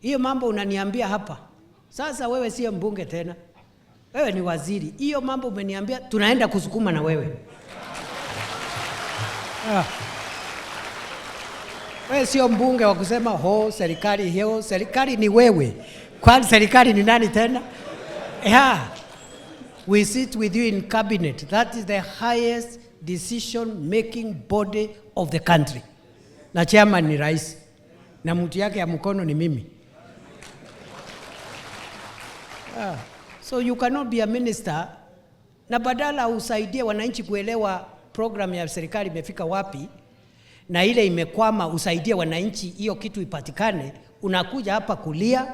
hiyo mambo unaniambia hapa sasa. Wewe sio mbunge tena, wewe ni waziri. Hiyo mambo umeniambia, tunaenda kusukuma na wewe ah. Wewe sio mbunge wa kusema ho serikali hiyo. Serikali ni wewe, kwani serikali ni nani tena? Yeah. We sit with you in cabinet. That is the highest decision making body of the country, na chairman ni rais na mtu yake ya mkono ni mimi. So you cannot be a minister na badala usaidie wananchi kuelewa program ya serikali imefika wapi na ile imekwama, usaidie wananchi hiyo kitu ipatikane, unakuja hapa kulia,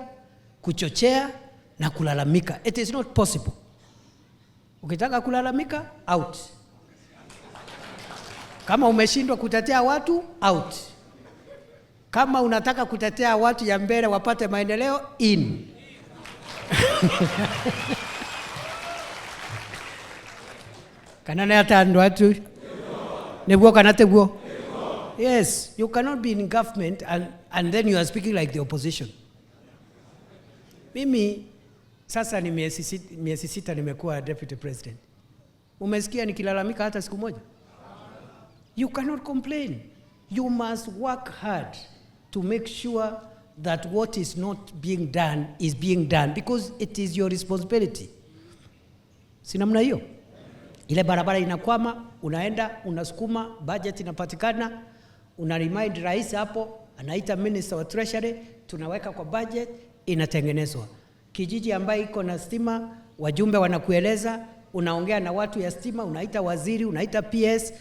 kuchochea na kulalamika. It is not possible. Ukitaka kulalamika out, kama umeshindwa kutetea watu out, kama unataka kutetea watu ya mbele wapate maendeleo in kana nayatandwatu neguo kana teguo yes you cannot be in government and, and then you are speaking like the opposition mimi sasa ni miezi sita nimekuwa deputy president umesikia nikilalamika hata siku moja you cannot complain you must work hard to make sure that what is not being done is being done because it is your responsibility. Si namna hiyo, ile barabara inakwama, unaenda unasukuma, budget inapatikana, una remind rais hapo, anaita minister wa treasury, tunaweka kwa budget, inatengenezwa. Kijiji ambayo iko na stima, wajumbe wanakueleza, unaongea na watu ya stima, unaita waziri, unaita PS,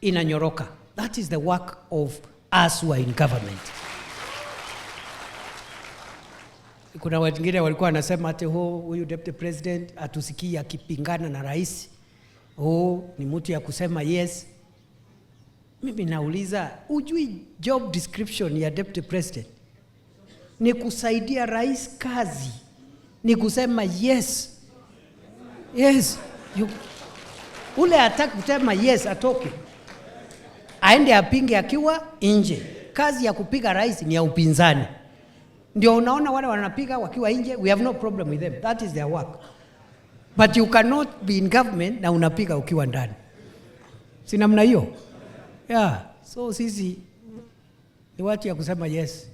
inanyoroka. That is the work of us who are in government kuna wengine walikuwa wanasema ati huu huyu deputy president atusikii akipingana na rais, huu ni mtu ya kusema yes. Mimi nauliza, ujui job description ya deputy president ni kusaidia rais kazi, ni kusema yes yes you. Ule hataki kusema yes, atoke aende apinge akiwa nje. Kazi ya kupiga rais ni ya upinzani. Ndio unaona wale wanapiga wakiwa nje, we have no problem with them, that is their work. But you cannot be in government na unapiga ukiwa ndani, si namna hiyo? Yeah, so sisi ni watu ya kusema yes.